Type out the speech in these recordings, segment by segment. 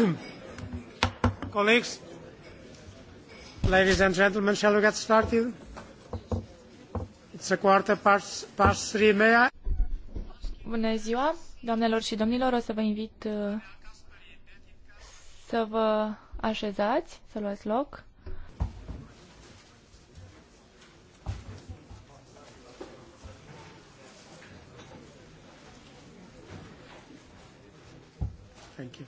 Colleagues, ladies and gentlemen, shall we get started? It's a quarter past, past three, may I? Bună ziua, doamnelor și domnilor, o să vă invit uh, să vă așezați, să luați loc. Thank you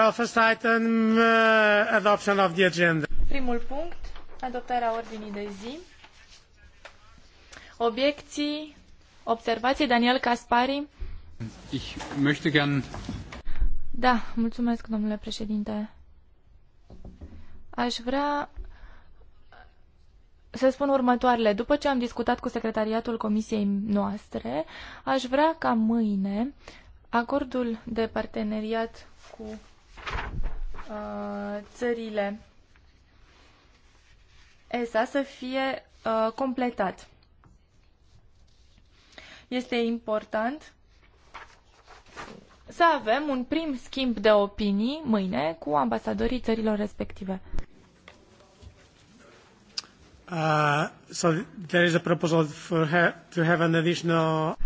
first item, uh, adoption of the agenda. Primul punct, adoptarea ordinii de zi. Obiecții, observații, Daniel Caspari. Ich möchte gern... Da, mulțumesc, domnule președinte. Aș vrea să spun următoarele. După ce am discutat cu secretariatul comisiei noastre, aș vrea ca mâine acordul de parteneriat cu Uh, țările ESA să fie uh, completat. Este important să avem un prim schimb de opinii mâine cu ambasadorii țărilor respective. Uh, so there is a proposal for to have an additional...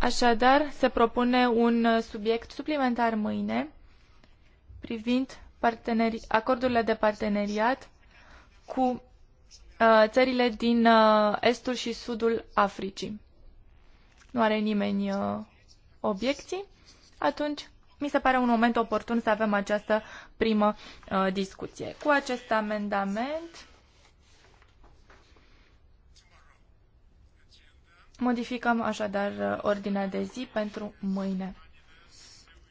Așadar, se propune un uh, subiect suplimentar mâine privind acordurile de parteneriat cu uh, țările din uh, estul și sudul Africii. Nu are nimeni uh, obiecții? Atunci mi se pare un moment oportun să avem această primă uh, discuție. Cu acest amendament modificăm așadar uh, ordinea de zi pentru mâine.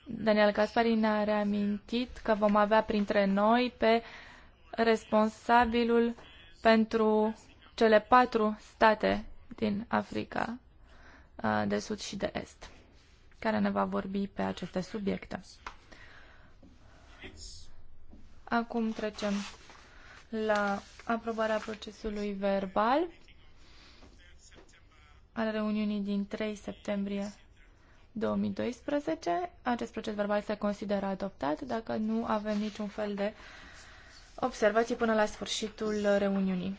Daniel Caspari ne-a reamintit că vom avea printre noi pe responsabilul pentru cele patru state din Africa uh, de Sud și de Est, care ne va vorbi pe aceste subiecte. Acum trecem la aprobarea procesului verbal al reuniunii din 3 septembrie 2012. Acest proces verbal se consideră adoptat dacă nu avem niciun fel de observații până la sfârșitul reuniunii.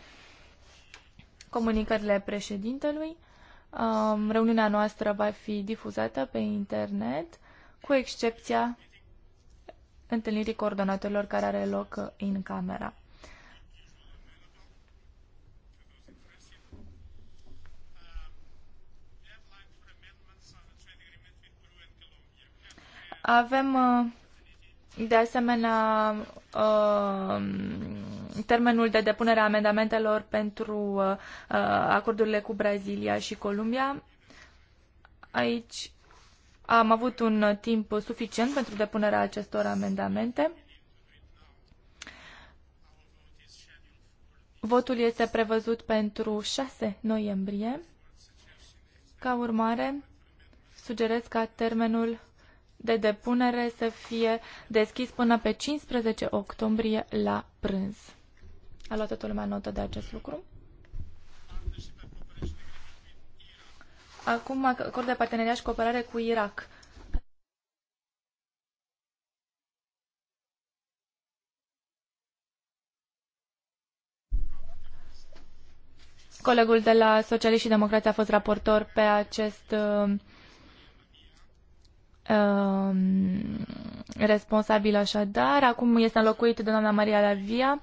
Comunicările președintelui. Um, reuniunea noastră va fi difuzată pe internet, cu excepția întâlnirii coordonatorilor care are loc în camera. Avem uh, de asemenea uh, termenul de depunere a amendamentelor pentru uh, acordurile cu Brazilia și Columbia. Aici am avut un timp suficient pentru depunerea acestor amendamente. Votul este prevăzut pentru 6 noiembrie. Ca urmare, sugerez ca termenul de depunere să fie deschis până pe 15 octombrie la prânz. A luat toată lumea notă de acest lucru? Acum acord de parteneriat și cooperare cu Irak. Colegul de la Socialiști și Democrați a fost raportor pe acest uh, Um, responsabil așadar. Acum este înlocuit de doamna Maria Lavia,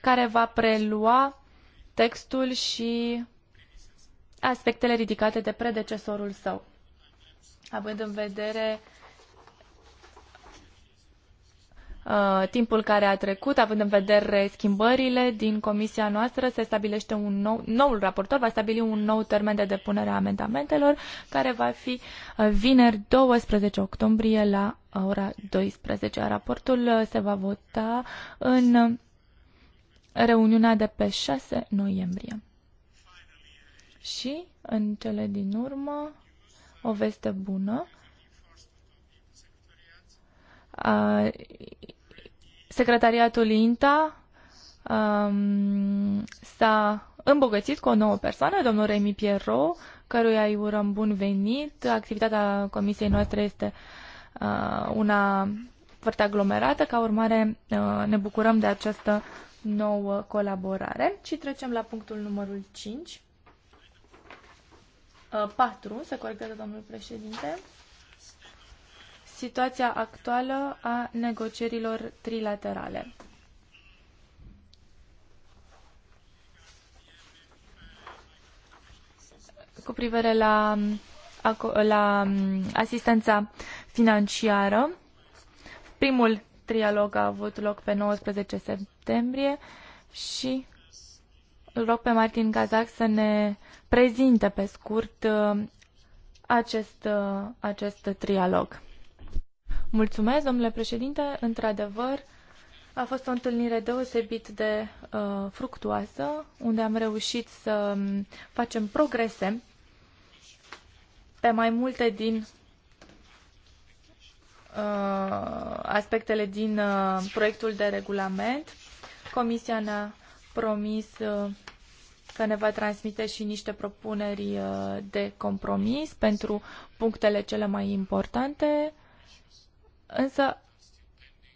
care va prelua textul și aspectele ridicate de predecesorul său, având în vedere Uh, timpul care a trecut, având în vedere schimbările din comisia noastră, se stabilește un nou, noul raportor va stabili un nou termen de depunere a amendamentelor, care va fi uh, vineri 12 octombrie la uh, ora 12. Raportul se va vota în reuniunea de pe 6 noiembrie. Și, în cele din urmă, o veste bună. Secretariatul INTA um, s-a îmbogățit cu o nouă persoană, domnul Remi Pierro, căruia îi urăm bun venit. Activitatea comisiei noastre este uh, una foarte aglomerată, ca urmare uh, ne bucurăm de această nouă colaborare. Și trecem la punctul numărul 5. 4, se corectează domnul președinte situația actuală a negocierilor trilaterale. Cu privire la, la mm, asistența financiară, primul trialog a avut loc pe 19 septembrie și îl rog pe Martin Kazak să ne prezinte pe scurt uh, acest, uh, acest trialog. Mulțumesc, domnule președinte. Într-adevăr, a fost o întâlnire deosebit de uh, fructuoasă, unde am reușit să um, facem progrese pe mai multe din uh, aspectele din uh, proiectul de regulament. Comisia ne-a promis uh, că ne va transmite și niște propuneri uh, de compromis pentru punctele cele mai importante însă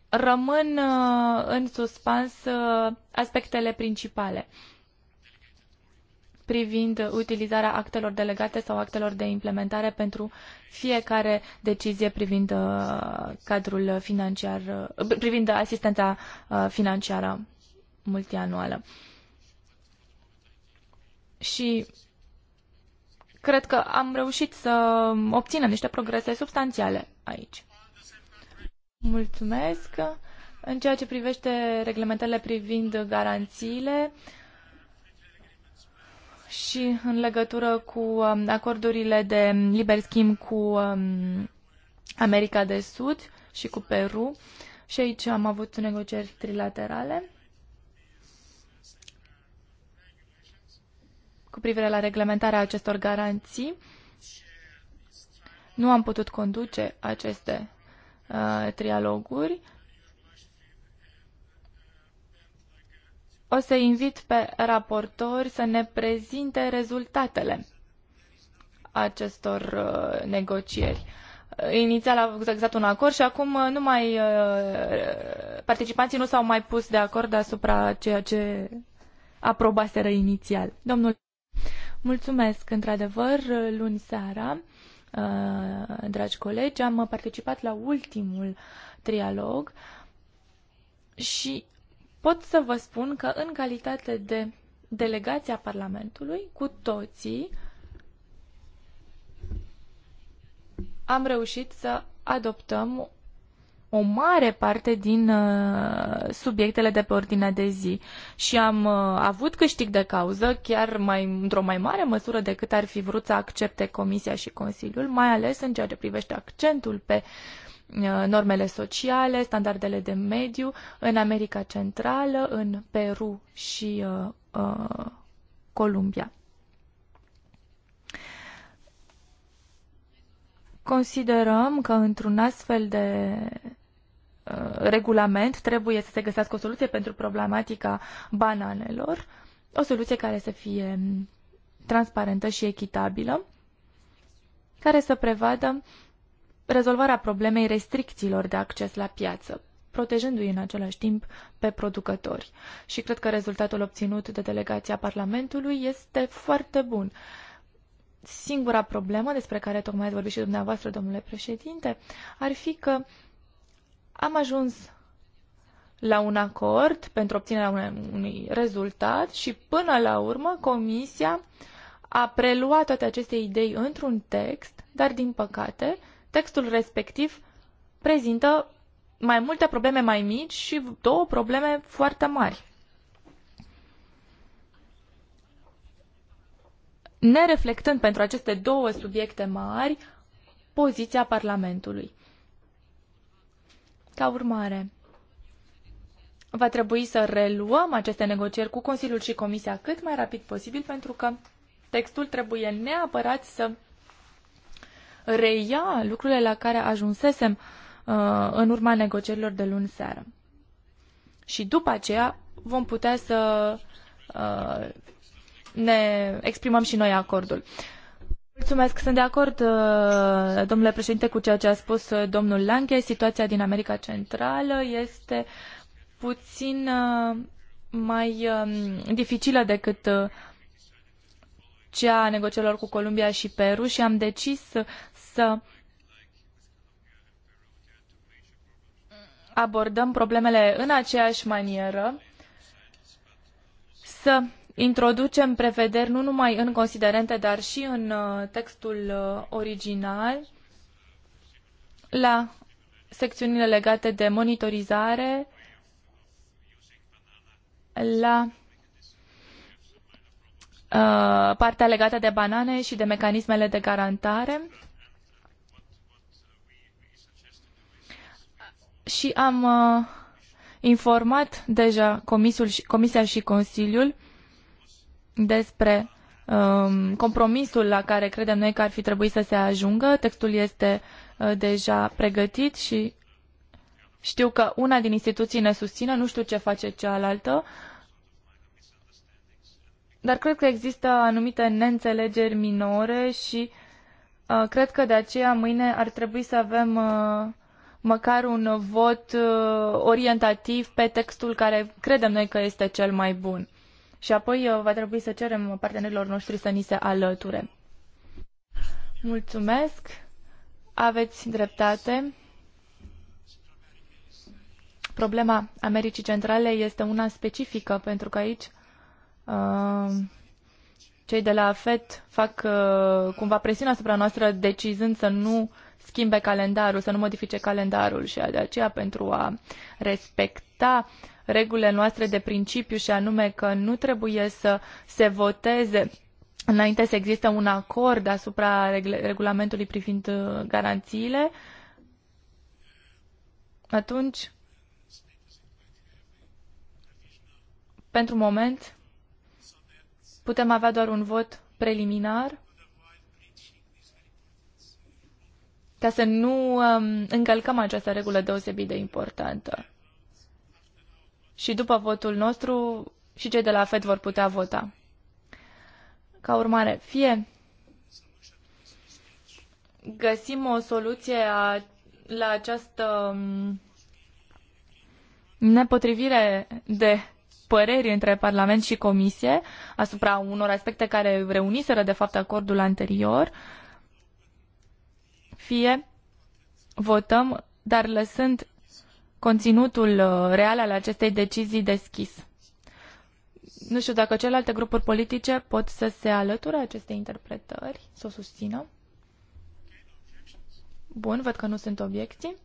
rămân uh, în suspans uh, aspectele principale privind utilizarea actelor delegate sau actelor de implementare pentru fiecare decizie privind uh, cadrul financiar, privind asistența financiară multianuală. Și cred că am reușit să obținem niște progrese substanțiale aici. În ceea ce privește reglementările privind garanțiile și în legătură cu um, acordurile de liber schimb cu um, America de Sud și cu Peru, și aici am avut negocieri trilaterale cu privire la reglementarea acestor garanții. Nu am putut conduce aceste Uh, trialoguri. O să invit pe raportori să ne prezinte rezultatele acestor uh, negocieri. Uh, inițial a exact un acord și acum nu mai participanții nu s-au mai pus de acord asupra ceea ce aprobaseră inițial. Domnul Mulțumesc, într-adevăr, luni seara Uh, dragi colegi, am participat la ultimul trialog și pot să vă spun că în calitate de delegația Parlamentului, cu toții, am reușit să adoptăm o mare parte din uh, subiectele de pe ordinea de zi și am uh, avut câștig de cauză, chiar mai, într-o mai mare măsură decât ar fi vrut să accepte Comisia și Consiliul, mai ales în ceea ce privește accentul pe uh, normele sociale, standardele de mediu în America Centrală, în Peru și uh, uh, Columbia. Considerăm că într-un astfel de Uh, regulament trebuie să se găsească o soluție pentru problematica bananelor, o soluție care să fie transparentă și echitabilă, care să prevadă rezolvarea problemei restricțiilor de acces la piață, protejându-i în același timp pe producători. Și cred că rezultatul obținut de delegația Parlamentului este foarte bun. Singura problemă despre care tocmai ați vorbit și dumneavoastră, domnule președinte, ar fi că am ajuns la un acord pentru obținerea unui rezultat și până la urmă Comisia a preluat toate aceste idei într-un text, dar din păcate textul respectiv prezintă mai multe probleme mai mici și două probleme foarte mari. nereflectând pentru aceste două subiecte mari poziția Parlamentului. Ca urmare, va trebui să reluăm aceste negocieri cu Consiliul și Comisia cât mai rapid posibil, pentru că textul trebuie neapărat să reia lucrurile la care ajunsesem uh, în urma negocierilor de luni seară. Și după aceea vom putea să uh, ne exprimăm și noi acordul. Uh, Mulțumesc, sunt de acord, uh, domnule președinte, cu ceea ce a spus uh, domnul Lange. Situația din America Centrală este puțin uh, mai um, dificilă decât cea a negocierilor cu Columbia și Peru și am decis să abordăm problemele în aceeași manieră, să introducem prevederi nu numai în considerente, dar și în uh, textul uh, original la secțiunile legate de monitorizare, la uh, partea legată de banane și de mecanismele de garantare. Și am informat deja Comisia și Consiliul despre um, compromisul la care credem noi că ar fi trebuit să se ajungă. Textul este uh, deja pregătit și știu că una din instituții ne susține, nu știu ce face cealaltă, dar cred că există anumite neînțelegeri minore și uh, cred că de aceea mâine ar trebui să avem uh, măcar un vot uh, orientativ pe textul care credem noi că este cel mai bun și apoi uh, va trebui să cerem partenerilor noștri să ni se alăture. Mulțumesc, aveți dreptate. Problema Americii Centrale este una specifică, pentru că aici uh, cei de la FED fac uh, cumva presiune asupra noastră decizând să nu schimbe calendarul, să nu modifice calendarul și de aceea pentru a respecta uh, regulile noastre de principiu și anume că nu trebuie să se voteze înainte să existe un acord asupra regulamentului privind uh, garanțiile, atunci, pentru moment, putem avea doar un vot preliminar ca să nu um, încălcăm această regulă deosebit de importantă și după votul nostru și cei de la FED vor putea vota. Ca urmare, fie găsim o soluție a, la această um, nepotrivire de păreri între Parlament și Comisie asupra unor aspecte care reuniseră de fapt acordul anterior, fie votăm, dar lăsând conținutul uh, real al acestei decizii deschis. Nu știu dacă celelalte grupuri politice pot să se alăture acestei interpretări, să o susțină. Bun, văd că nu sunt obiecții.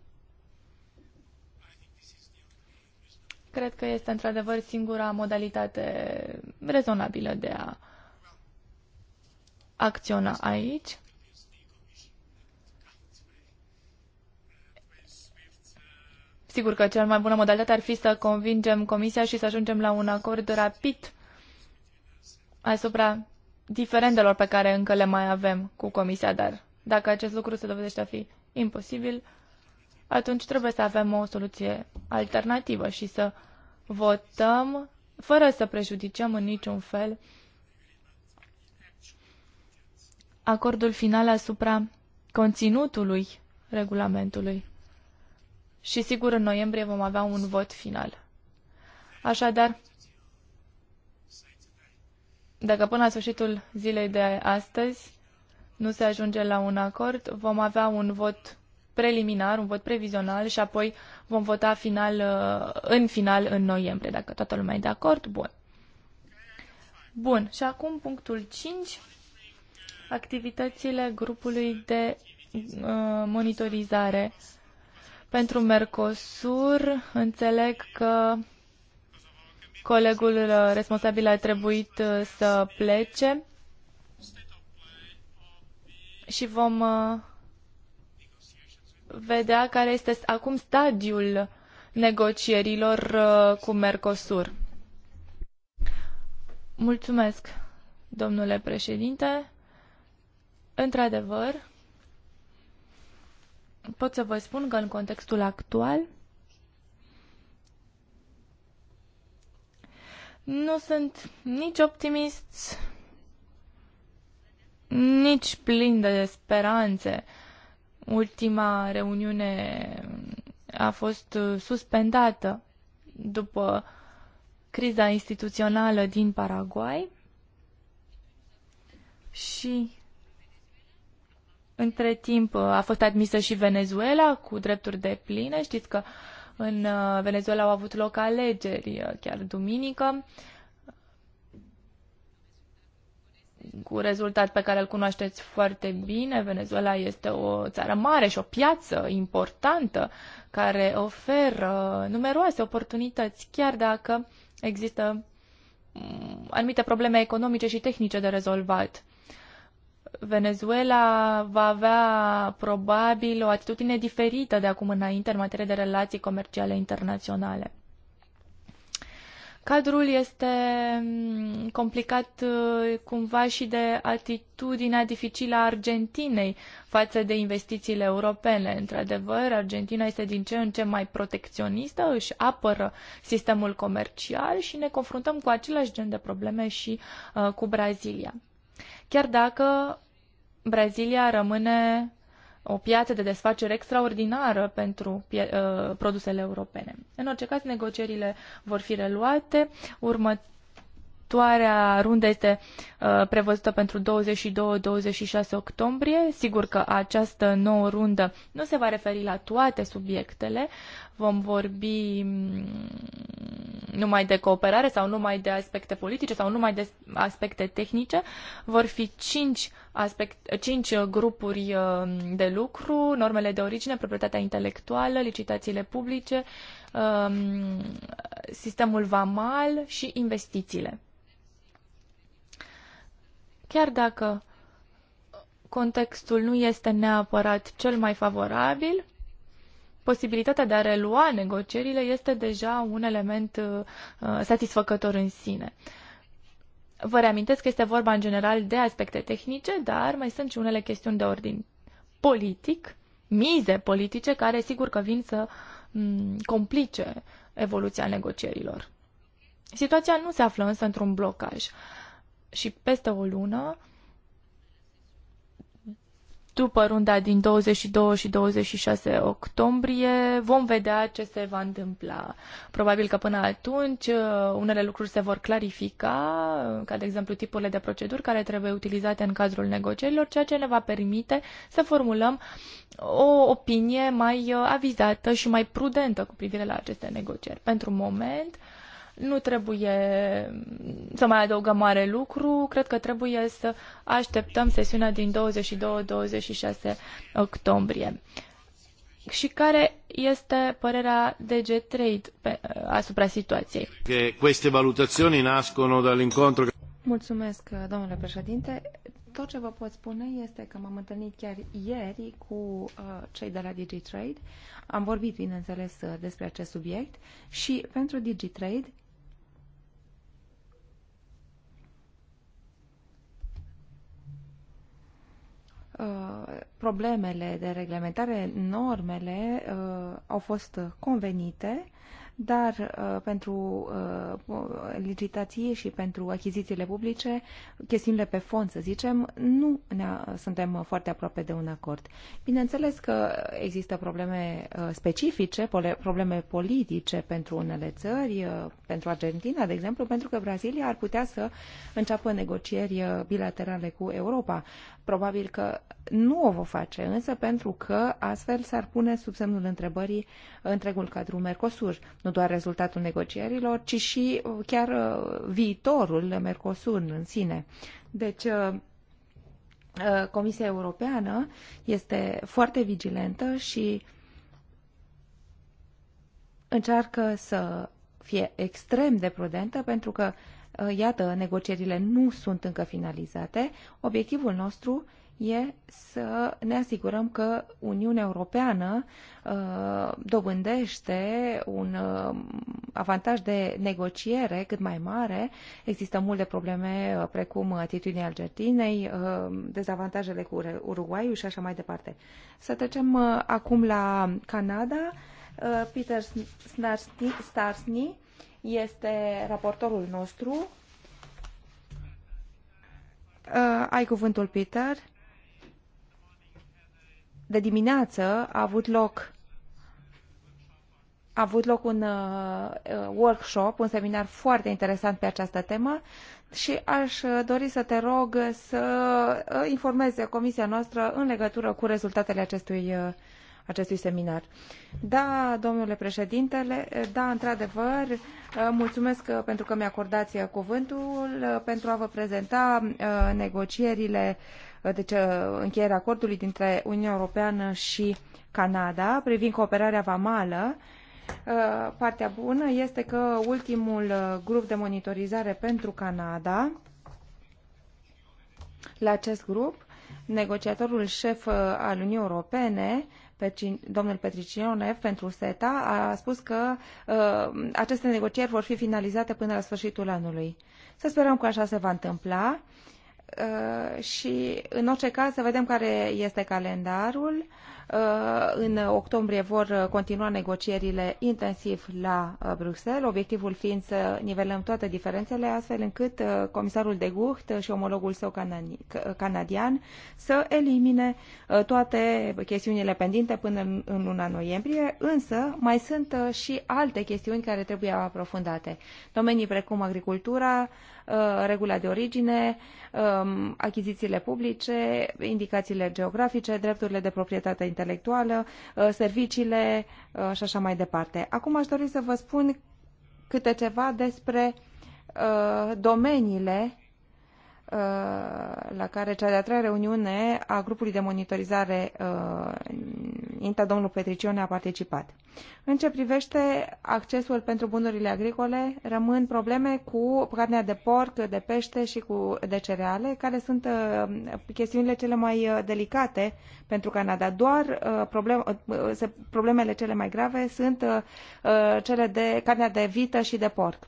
Cred că este într-adevăr singura modalitate rezonabilă de a acționa aici. Sigur că cea mai bună modalitate ar fi să convingem Comisia și să ajungem la un acord rapid asupra diferendelor pe care încă le mai avem cu Comisia, dar dacă acest lucru se dovedește a fi imposibil, atunci trebuie să avem o soluție alternativă și să votăm fără să prejudicăm în niciun fel acordul final asupra conținutului regulamentului și sigur în noiembrie vom avea un vot final. Așadar, dacă până la sfârșitul zilei de astăzi nu se ajunge la un acord, vom avea un vot preliminar, un vot previzional și apoi vom vota final, uh, în final în noiembrie, dacă toată lumea e de acord. Bun. Bun, și acum punctul 5, activitățile grupului de uh, monitorizare pentru Mercosur, înțeleg că colegul uh, responsabil a trebuit uh, să plece și vom uh, vedea care este acum stadiul negocierilor cu Mercosur. Mulțumesc, domnule președinte. Într-adevăr, pot să vă spun că în contextul actual nu sunt nici optimist, nici plin de speranțe. Ultima reuniune a fost suspendată după criza instituțională din Paraguay și între timp uh, a fost admisă și Venezuela cu drepturi de pline. Știți că în uh, Venezuela au avut loc alegeri uh, chiar duminică cu rezultat pe care îl cunoașteți foarte bine. Venezuela este o țară mare și o piață importantă care oferă numeroase oportunități, chiar dacă există mm, anumite probleme economice și tehnice de rezolvat. Venezuela va avea probabil o atitudine diferită de acum înainte în materie de relații comerciale internaționale. Cadrul este mm, complicat uh, cumva și de atitudinea dificilă a Argentinei față de investițiile europene. Într-adevăr, Argentina este din ce în ce mai protecționistă, își apără sistemul comercial și ne confruntăm cu același gen de probleme și uh, cu Brazilia. Chiar dacă Brazilia rămâne o piață de desfacere extraordinară pentru uh, produsele europene. În orice caz, negocierile vor fi reluate. Urmă- Următoarea rundă este uh, prevăzută pentru 22-26 octombrie. Sigur că această nouă rundă nu se va referi la toate subiectele. Vom vorbi mm, numai de cooperare sau numai de aspecte politice sau numai de aspecte tehnice. Vor fi cinci, aspect, cinci grupuri uh, de lucru, normele de origine, proprietatea intelectuală, licitațiile publice, um, sistemul vamal și investițiile. Chiar dacă contextul nu este neapărat cel mai favorabil, posibilitatea de a relua negocierile este deja un element uh, uh, satisfăcător în sine. Vă reamintesc că este vorba în general de aspecte tehnice, dar mai sunt și unele chestiuni de ordin politic, mize politice, care sigur că vin să mm, complice evoluția negocierilor. Situația nu se află însă într-un blocaj și peste o lună, după runda din 22 și 26 octombrie, vom vedea ce se va întâmpla. Probabil că până atunci uh, unele lucruri se vor clarifica, uh, ca de exemplu tipurile de proceduri care trebuie utilizate în cadrul negocierilor, ceea ce ne va permite să formulăm o opinie mai uh, avizată și mai prudentă cu privire la aceste negocieri. Pentru moment, uh, nu trebuie să mai adăugăm mare lucru, cred că trebuie să așteptăm sesiunea din 22-26 octombrie. Și care este părerea DG Trade pe, asupra situației? Queste valutazioni nascono dall'incontro Mulțumesc, domnule președinte. Tot ce vă pot spune este că m-am întâlnit chiar ieri cu uh, cei de la DigiTrade. Am vorbit, bineînțeles, uh, despre acest subiect și pentru DigiTrade Uh, problemele de reglementare, normele uh, au fost convenite, dar uh, pentru licitații și pentru achizițiile publice, chestiunile pe fond, să zicem, nu ne suntem foarte aproape de un acord. Bineînțeles că există probleme specifice, probleme politice pentru unele țări, pentru Argentina, de exemplu, pentru că Brazilia ar putea să înceapă negocieri bilaterale cu Europa. Probabil că nu o va face, însă pentru că astfel s-ar pune sub semnul întrebării întregul cadru Mercosur, nu doar rezultatul negocierilor, ci și uh, chiar uh, viitorul Mercosur în sine. Deci, uh, Comisia Europeană este foarte vigilentă și încearcă să fie extrem de prudentă pentru că Uh, iată, negocierile nu sunt încă finalizate. Obiectivul nostru e să ne asigurăm că Uniunea Europeană uh, dobândește un uh, avantaj de negociere cât mai mare. Există multe probleme precum atitudinea Argentinei, dezavantajele cu Uruguay și așa mai departe. Să trecem acum la Canada. Peter Starsny este raportorul nostru. Uh, ai cuvântul, Peter. De dimineață a avut loc a avut loc un uh, workshop, un seminar foarte interesant pe această temă și aș uh, dori să te rog să uh, informeze comisia noastră în legătură cu rezultatele acestui uh, acestui seminar. Da, domnule președintele, da, într-adevăr, mulțumesc pentru că mi a acordat cuvântul pentru a vă prezenta uh, negocierile uh, deci uh, încheierea acordului dintre Uniunea Europeană și Canada privind cooperarea vamală. Partea bună este că ultimul grup de monitorizare pentru Canada, la acest grup, negociatorul șef al Uniunii Europene domnul Petricinev pentru SETA a spus că uh, aceste negocieri vor fi finalizate până la sfârșitul anului. Să sperăm că așa se va întâmpla uh, și în orice caz să vedem care este calendarul. Uh, Uh, în octombrie vor uh, continua negocierile intensiv la uh, Bruxelles, obiectivul fiind să nivelăm toate diferențele, astfel încât comisarul de Gucht și omologul său canadian să elimine toate chestiunile pendinte până în luna noiembrie, însă mai sunt și alte chestiuni care trebuie aprofundate. Domenii precum agricultura, Uh, regula de origine, um, achizițiile publice, indicațiile geografice, drepturile de proprietate intelectuală, uh, serviciile uh, și așa mai departe. Acum aș dori să vă spun câte ceva despre domeniile la care cea de-a treia reuniune a grupului de monitorizare INTA, domnul Petricione, a participat. În ce privește accesul pentru bunurile agricole, rămân probleme cu carnea de porc, de pește și cu de cereale, care sunt uh, chestiunile cele mai uh, delicate pentru Canada. Doar uh, problem, problemele cele mai grave sunt cele de carnea de vită și de porc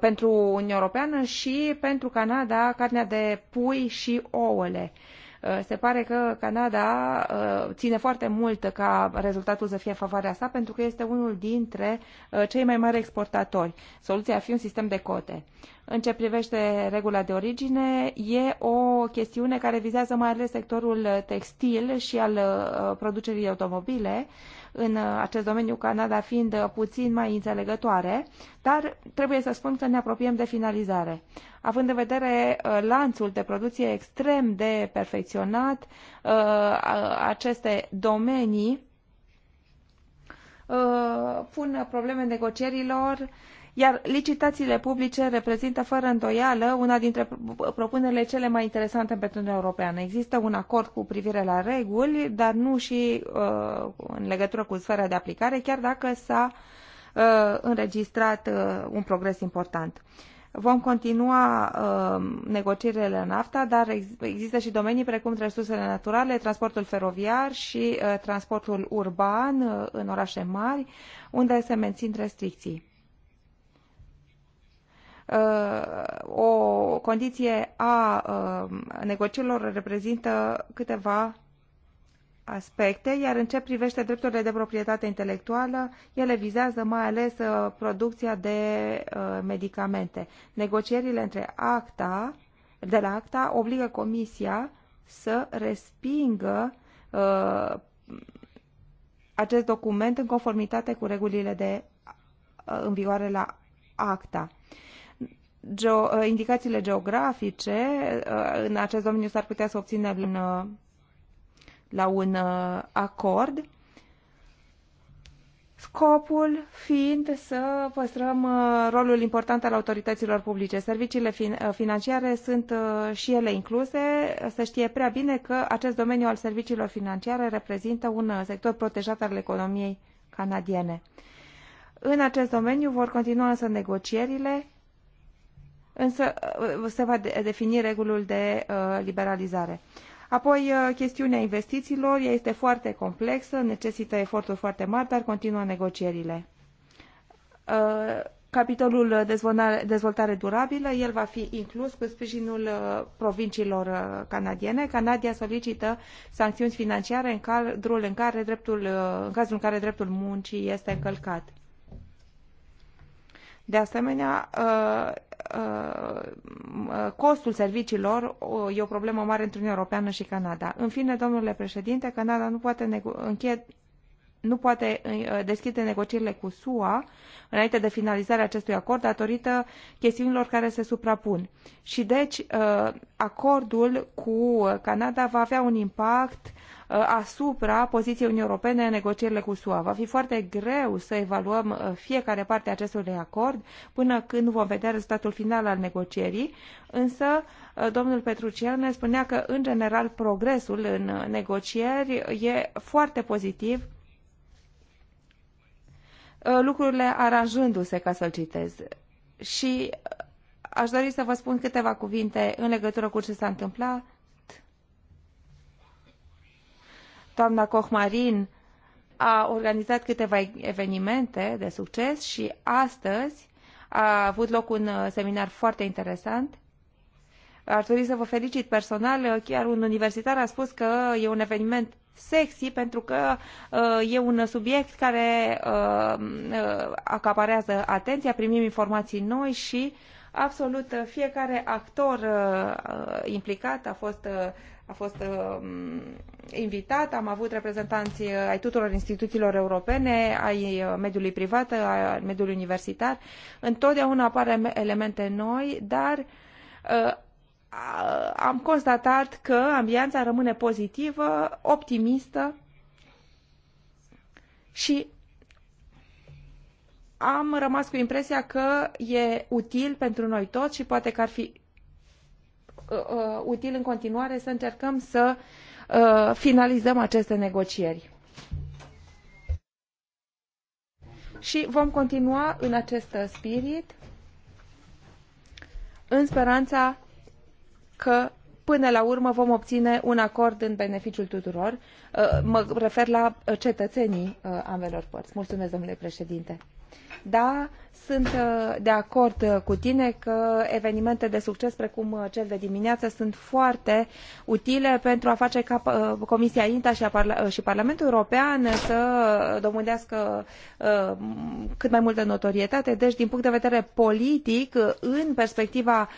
pentru Uniunea Europeană și pentru Canada carnea de pui și ouăle. Uh, Uh, se pare că Canada uh, ține foarte mult ca rezultatul să fie în favoarea sa pentru că este unul dintre uh, cei mai mari exportatori. Soluția ar fi un sistem de cote. În ce privește regula de origine, e o chestiune care vizează mai ales sectorul textil și al producerii automobile în uh, acest domeniu, Canada fiind uh, puțin mai înțelegătoare, dar trebuie să spun că ne apropiem de finalizare. Având în vedere uh, lanțul de producție extrem de perfecționat, aceste domenii pun probleme negocierilor iar licitațiile publice reprezintă fără îndoială una dintre propunerile cele mai interesante pentru Uniunea Europeană. Există un acord cu privire la reguli, dar nu și uh, în legătură cu sfera de aplicare, chiar dacă s-a uh, înregistrat uh, un progres important. Vom continua uh, negocierile în AFTA, dar ex există și domenii precum resursele naturale, transportul feroviar și uh, transportul urban uh, în orașe mari, unde se mențin restricții Uh, o condiție a uh, negocierilor reprezintă câteva aspecte, iar în ce privește drepturile de proprietate intelectuală, ele vizează mai ales uh, producția de medicamente. Negocierile între ACTA, de la ACTA obligă Comisia să respingă acest document în conformitate cu regulile de, în vigoare la ACTA. Uh, geo, uh, indicațiile geografice uh, în acest domeniu s-ar putea să obține un, uh, la un acord, scopul fiind să păstrăm rolul important al autorităților publice. Serviciile fin financiare sunt și ele incluse. Se știe prea bine că acest domeniu al serviciilor financiare reprezintă un sector protejat al economiei canadiene. În acest domeniu vor continua însă negocierile însă uh, se va defini regulul de uh, liberalizare. Apoi, uh, chestiunea investițiilor, ea este foarte complexă, necesită eforturi foarte mari, dar continuă negocierile. Capitolul dezvoltare durabilă, el va fi inclus cu sprijinul provinciilor canadiene. Canada solicită sancțiuni financiare în cadrul în care dreptul, în cazul în care dreptul muncii este încălcat. De asemenea, Uh, uh, costul serviciilor uh, e o problemă mare între Uniunea Europeană și Canada. În fine, domnule președinte, Canada nu poate încheie nu poate uh, deschide negocierile cu SUA înainte de finalizarea acestui acord datorită chestiunilor care se suprapun. Și deci uh, acordul cu Canada va avea un impact uh, asupra poziției Uniunii Europene în negocierile cu SUA. Va fi foarte greu să evaluăm fiecare parte a acestui acord până când vom vedea rezultatul final al negocierii, însă domnul Petrucian ne spunea că, în general, progresul în negocieri e foarte pozitiv Uh, lucrurile aranjându-se, ca să-l citez. Și uh, aș dori să vă spun câteva cuvinte în legătură cu ce s-a întâmplat. Doamna Cohmarin a organizat câteva evenimente de succes și astăzi a avut loc un uh, seminar foarte interesant. Ar trebui să vă felicit personal, chiar un universitar a spus că e un eveniment sexy pentru că uh, e un subiect care uh, uh acaparează atenția, primim informații noi și absolut uh, fiecare actor uh, uh, implicat a fost a fost uh, invitat, am avut reprezentanți ai tuturor instituțiilor europene, ai mediului privat, ai mediului universitar. Întotdeauna apar elemente noi, dar am constatat că ambianța rămâne pozitivă, optimistă și am rămas cu impresia că e util pentru noi toți și poate că ar fi uh, uh util în continuare să încercăm să uh, finalizăm aceste negocieri. Și vom continua în acest spirit în speranța că până la urmă vom obține un acord în beneficiul tuturor. Uh, mă refer la uh, cetățenii uh, ambelor părți. Mulțumesc, domnule președinte. Da, sunt uh, de acord uh, cu tine că evenimente de succes precum uh, cel de dimineață sunt foarte utile pentru a face ca Comisia INTA și, Parla și Parlamentul European să domânească cât mai multă notorietate. Deci, din punct de vedere politic, în perspectiva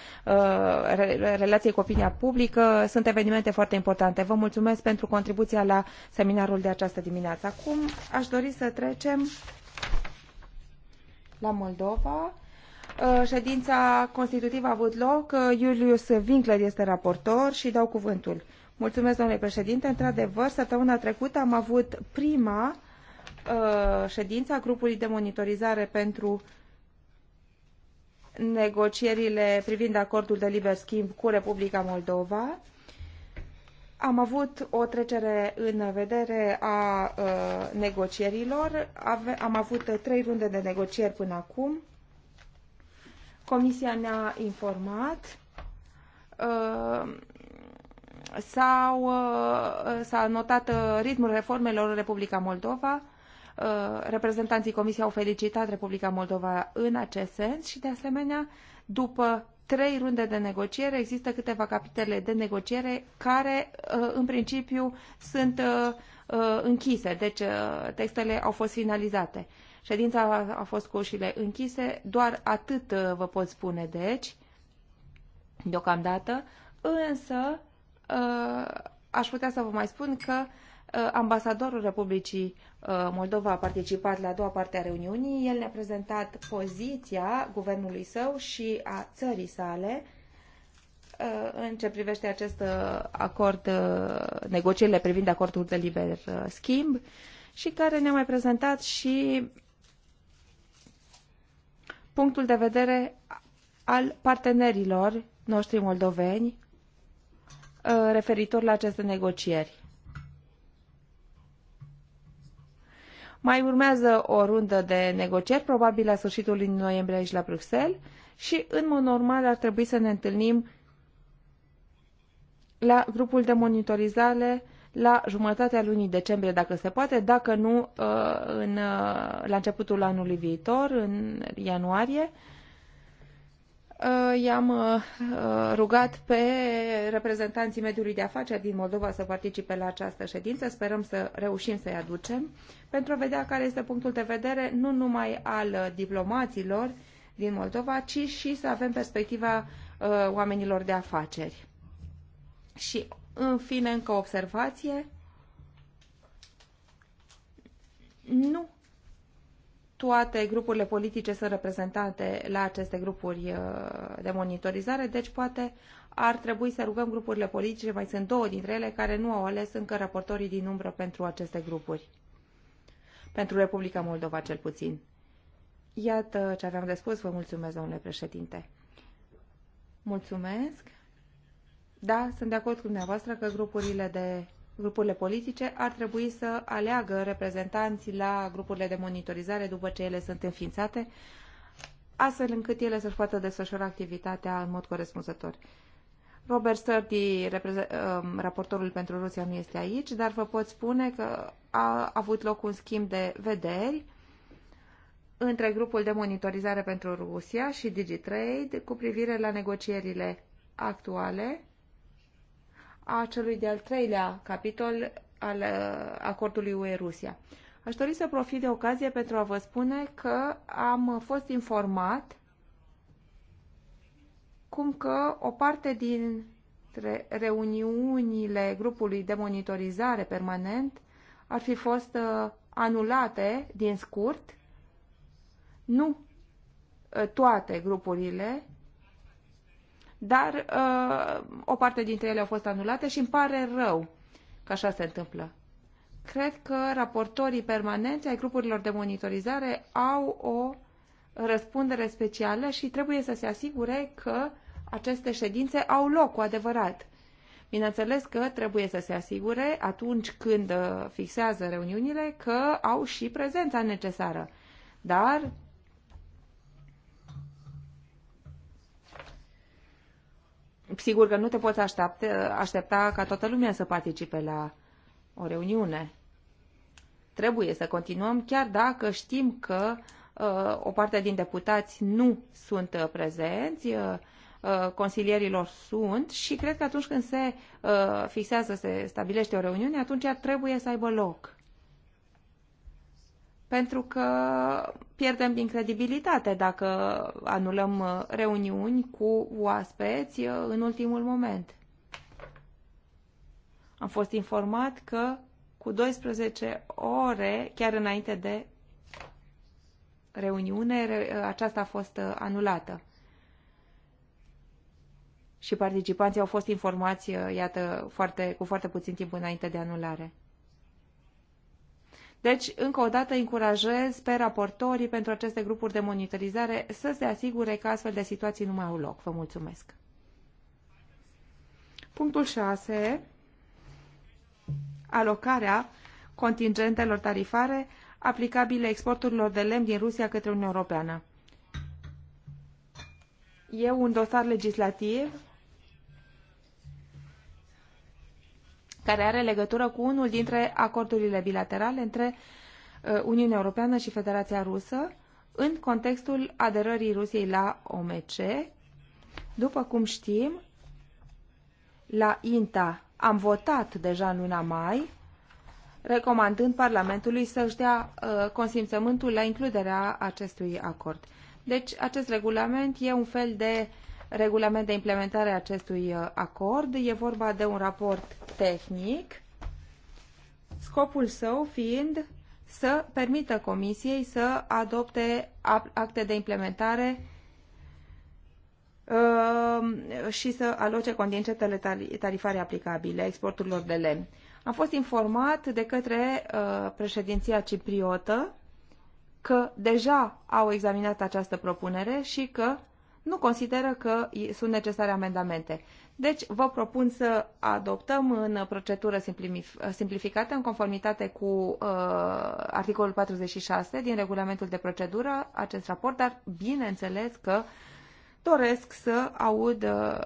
relației cu opinia publică, sunt evenimente foarte importante. Vă mulțumesc pentru contribuția la seminarul de această dimineață. Acum aș dori să trecem la Moldova. Uh, ședința constitutivă a avut loc. Uh, Iulius Winkler este raportor și dau cuvântul. Mulțumesc, domnule președinte. Într-adevăr, săptămâna trecută am avut prima uh, ședință a grupului de monitorizare pentru negocierile privind acordul de liber schimb cu Republica Moldova. Am avut o trecere în vedere a uh, negocierilor. Ave- am avut trei runde de negocieri până acum. Comisia ne-a informat. Uh, s uh, a notat uh, ritmul reformelor în Republica Moldova. Uh, reprezentanții Comisiei au felicitat Republica Moldova în acest sens și, de asemenea, după trei runde de negociere, există câteva capitole de negociere care, uh, în principiu, sunt uh, uh, închise, deci textele au fost finalizate. Ședința a fost cu ușile închise, doar atât vă pot spune, deci, deocamdată, însă aș putea să vă mai spun că ambasadorul Republicii Uh, Moldova a participat la a doua parte a reuniunii. El ne-a prezentat poziția guvernului său și a țării sale uh, în ce privește acest uh, acord, negocierile privind acordul de liber schimb și care ne-a mai prezentat și punctul de vedere al partenerilor noștri moldoveni referitor la aceste negocieri. Mai urmează o rundă de negocieri, probabil la sfârșitul din noiembrie aici la Bruxelles și, în mod normal, ar trebui să ne întâlnim la grupul de monitorizare la jumătatea lunii decembrie, dacă se poate, dacă nu, uh, în, uh, la începutul anului viitor, în ianuarie, Uh, i-am uh, uh, rugat pe reprezentanții mediului de afaceri din Moldova să participe la această ședință. Sperăm să reușim să-i aducem pentru a vedea care este punctul de vedere nu numai al diplomaților din Moldova, ci și să avem perspectiva oamenilor de afaceri. Și, în fine, încă o observație. Nu toate grupurile politice sunt reprezentate la aceste grupuri uh, de monitorizare, deci poate ar trebui să rugăm grupurile politice, mai sunt două dintre ele care nu au ales încă raportorii din umbră pentru aceste grupuri. Pentru Republica Moldova, cel puțin. Iată ce aveam de spus. Vă mulțumesc, domnule președinte. Mulțumesc. Da, sunt de acord cu dumneavoastră că grupurile de grupurile politice ar trebui să aleagă reprezentanții la grupurile de monitorizare după ce ele sunt înființate, astfel încât ele să-și poată desfășura activitatea în mod corespunzător. Robert Sturdy, um, raportorul pentru Rusia, nu este aici, dar vă pot spune că a avut loc un schimb de vederi între grupul de monitorizare pentru Rusia și DigiTrade cu privire la negocierile actuale a celui de-al treilea capitol al uh, acordului UE-Rusia. Aș dori să profit de ocazie pentru a vă spune că am fost informat cum că o parte din reuniunile grupului de monitorizare permanent ar fi fost uh, anulate din scurt, nu uh, toate grupurile, dar uh, o parte dintre ele au fost anulate și îmi pare rău că așa se întâmplă. Cred că raportorii permanenți ai grupurilor de monitorizare au o răspundere specială și trebuie să se asigure că aceste ședințe au loc cu adevărat. Bineînțeles că trebuie să se asigure atunci când uh, fixează reuniunile că au și prezența necesară. Dar sigur că nu te poți aștepta, aștepta ca toată lumea să participe la o reuniune. Trebuie să continuăm, chiar dacă știm că uh, o parte din deputați nu sunt uh, prezenți, uh, uh consilierilor sunt și cred că atunci când se uh, fixează, se stabilește o reuniune, atunci ea trebuie să aibă loc pentru că pierdem din credibilitate dacă anulăm uh, reuniuni cu oaspeți uh, în ultimul moment. Am fost informat că cu 12 ore, chiar înainte de reuniune, uh, aceasta a fost anulată. Și participanții au fost informați, iată, foarte, cu foarte puțin timp înainte de anulare. Deci, încă o dată, încurajez pe raportorii pentru aceste grupuri de monitorizare să se asigure că astfel de situații nu mai au loc. Vă mulțumesc. Punctul 6. Alocarea contingentelor tarifare aplicabile exporturilor de lemn din Rusia către Uniunea Europeană. E un dosar legislativ care are legătură cu unul dintre acordurile bilaterale între uh, Uniunea Europeană și Federația Rusă în contextul aderării Rusiei la OMC. După cum știm, la INTA am votat deja în luna mai, recomandând Parlamentului să-și dea uh, consimțământul la includerea acestui acord. Deci, acest regulament e un fel de uh, regulament de implementare a acestui uh, acord. E vorba de un raport tehnic, scopul său fiind să permită Comisiei să adopte acte de implementare uh, și să aloce contingentele tarifare aplicabile exporturilor de lemn. Am fost informat de către uh, președinția cipriotă că deja au examinat această propunere și că nu consideră că sunt necesare amendamente. Deci vă propun să adoptăm în procedură simplificată, în conformitate cu uh, articolul 46 din regulamentul de procedură, acest raport, dar bineînțeles că doresc să aud uh,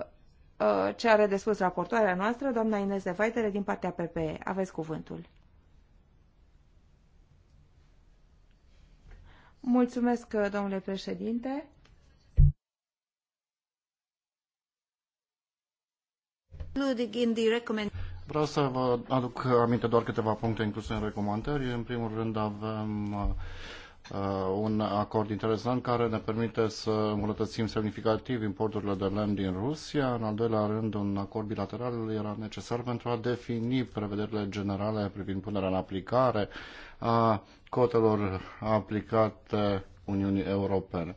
uh, ce are de spus raportoarea noastră, doamna Ines de Vaitere, din partea PPE. Aveți cuvântul. Mulțumesc, domnule președinte. Vreau să vă aduc aminte doar câteva puncte incluse în recomandări. În primul rând avem uh, un acord interesant care ne permite să îmbunătățim semnificativ importurile de lemn din Rusia. În al doilea rând, un acord bilateral era necesar pentru a defini prevederile generale privind punerea în aplicare a cotelor aplicate Uniunii Europene. Uh,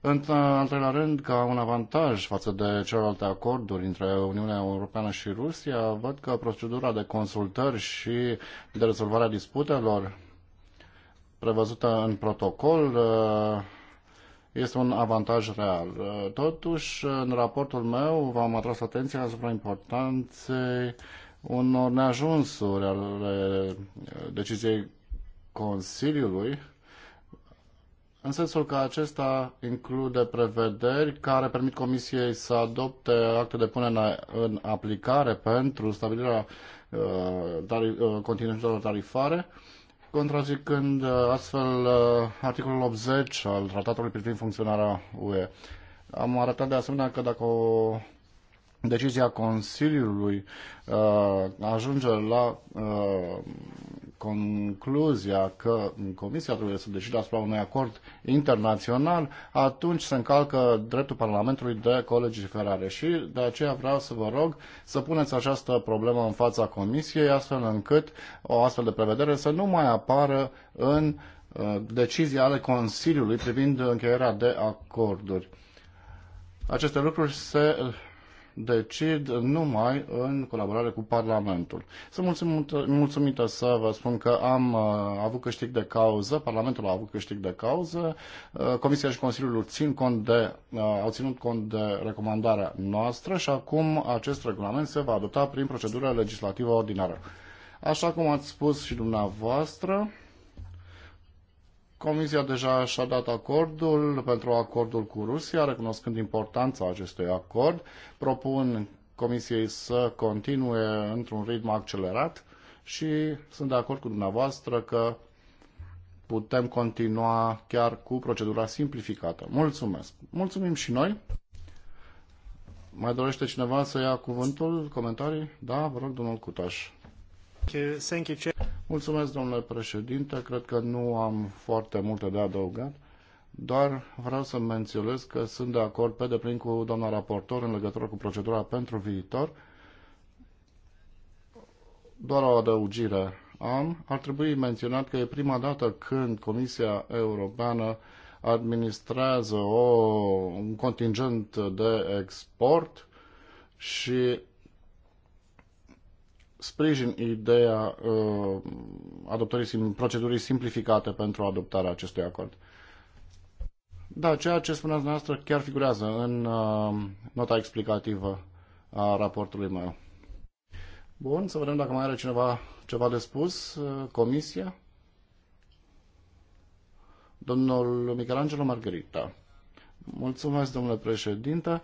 în al treilea rând, ca un avantaj față de celelalte acorduri între Uniunea Europeană și Rusia, văd că procedura de consultări și de rezolvare a disputelor prevăzută în protocol uh, este un avantaj real. Uh, totuși, în raportul meu v-am atras atenția asupra importanței unor neajunsuri ale uh, deciziei Consiliului în sensul că acesta include prevederi care permit Comisiei să adopte acte de punere în aplicare pentru stabilirea uh, tarif, uh, contingentelor tarifare, contrazicând uh, astfel articolul 80 al tratatului privind funcționarea UE. Am arătat de asemenea că dacă o decizia Consiliului uh, ajunge la concluzia că Comisia trebuie să decide asupra unui acord internațional, atunci se încalcă dreptul Parlamentului de colegiferare. Și de aceea vreau să vă rog să puneți această problemă în fața Comisiei, astfel încât o astfel de prevedere să nu mai apară în uh, decizii ale Consiliului privind încheierea de acorduri. Aceste lucruri se decid numai în colaborare cu Parlamentul. Sunt mulțumită, mulțumită să vă spun că am uh, avut câștig de cauză, Parlamentul a avut câștig de cauză, uh, Comisia și Consiliul țin cont de, uh, au ținut cont de recomandarea noastră și acum acest regulament se va adopta prin procedură legislativă ordinară. Așa cum ați spus și dumneavoastră, Comisia deja și-a dat acordul pentru acordul cu Rusia, recunoscând importanța acestui acord. Propun Comisiei să continue într-un ritm accelerat și sunt de acord cu dumneavoastră că putem continua chiar cu procedura simplificată. Mulțumesc! Mulțumim și noi! Mai dorește cineva să ia cuvântul, comentarii? Da, vă rog, domnul Cutaș. Mulțumesc, domnule președinte. Cred că nu am foarte multe de adăugat. Doar vreau să menționez că sunt de acord pe deplin cu doamna raportor în legătură cu procedura pentru viitor. Doar o adăugire am. Ar trebui menționat că e prima dată când Comisia Europeană administrează o, un contingent de export și sprijin ideea uh, adoptării procedurii simplificate pentru adoptarea acestui acord. Da, ceea ce spuneați dumneavoastră chiar figurează în uh, nota explicativă a raportului meu. Bun, să vedem dacă mai are cineva ceva de spus. Uh, comisia? Domnul Michelangelo Margherita. Mulțumesc, domnule președinte.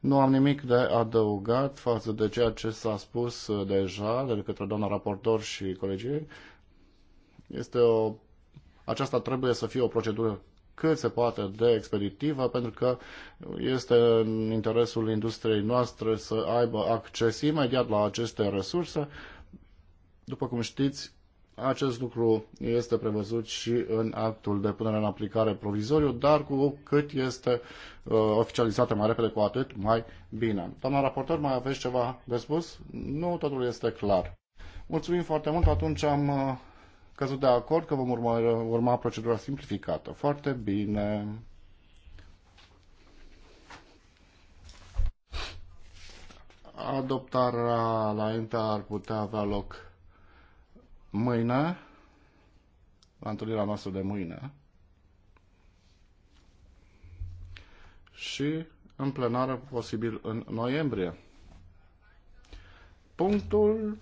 Nu am nimic de adăugat față de ceea ce s-a spus uh, deja de către doamna raportor și colegii. Este o, aceasta trebuie să fie o procedură cât se poate de expeditivă, pentru că este în interesul industriei noastre să aibă acces imediat la aceste resurse. După cum știți, acest lucru este prevăzut și în actul de punere în aplicare provizoriu, dar cu cât este uh, oficializată mai repede, cu atât mai bine. Doamna raportor, mai aveți ceva de spus? Nu, totul este clar. Mulțumim foarte mult, atunci am uh, căzut de acord că vom urma, urma procedura simplificată. Foarte bine. Adoptarea la INTA ar putea avea loc mâine, la întâlnirea noastră de mâine, și în plenară, posibil în noiembrie. Punctul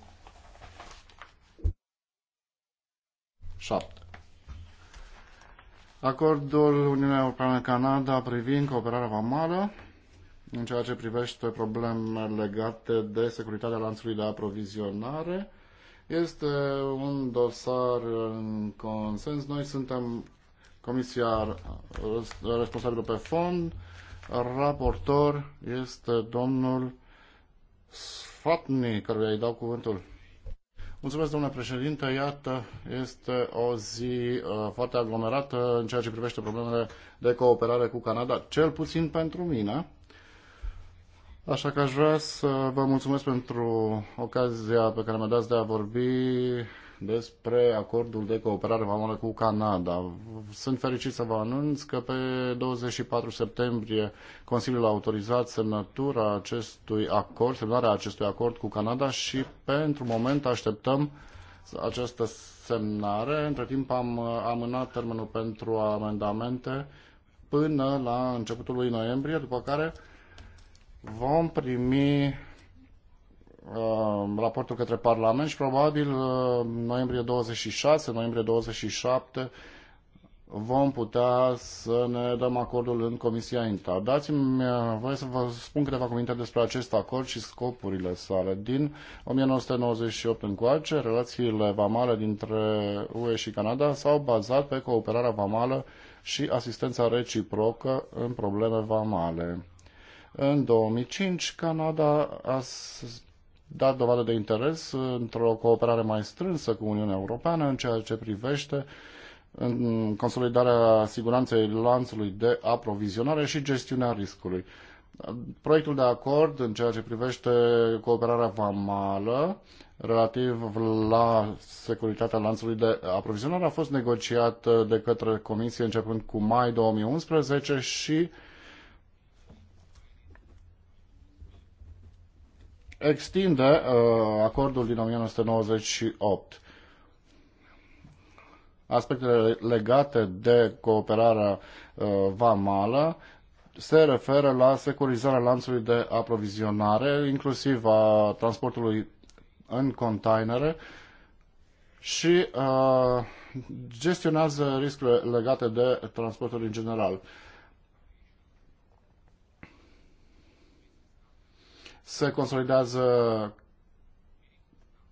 7. Acordul Uniunea Europeană-Canada privind cooperarea vamală în ceea ce privește probleme legate de securitatea lanțului de aprovizionare este un dosar în consens. Noi suntem comisia responsabilă pe fond. Raportor este domnul Sfatni, care îi dau cuvântul. Mulțumesc, domnule președinte. Iată, este o zi uh, foarte aglomerată în ceea ce privește problemele de cooperare cu Canada, cel puțin pentru mine. Așa că aș vrea să vă mulțumesc pentru ocazia pe care mi-a dat de a vorbi despre acordul de cooperare vamală cu Canada. Sunt fericit să vă anunț că pe 24 septembrie Consiliul a autorizat semnătura acestui acord, semnarea acestui acord cu Canada și pentru moment așteptăm această semnare. Între timp am amânat termenul pentru amendamente până la începutul lui noiembrie, după care vom primi uh, raportul către Parlament și probabil uh, noiembrie 26, noiembrie 27 vom putea să ne dăm acordul în Comisia INTA. Dați-mi uh, voie să vă spun câteva cuvinte despre acest acord și scopurile sale. Din 1998 încoace, relațiile vamale dintre UE și Canada s-au bazat pe cooperarea vamală și asistența reciprocă în probleme vamale. În 2005, Canada a dat dovadă de interes într-o cooperare mai strânsă cu Uniunea Europeană în ceea ce privește în consolidarea siguranței lanțului de aprovizionare și gestiunea riscului. Proiectul de acord în ceea ce privește cooperarea vamală relativ la securitatea lanțului de aprovizionare a fost negociat de către Comisie începând cu mai 2011 și extinde uh, acordul din 1998. Aspectele legate de cooperarea uh, vamală se referă la securizarea lanțului de aprovizionare, inclusiv a transportului în containere și uh, gestionează riscurile legate de transportul în general. Uh, se consolidează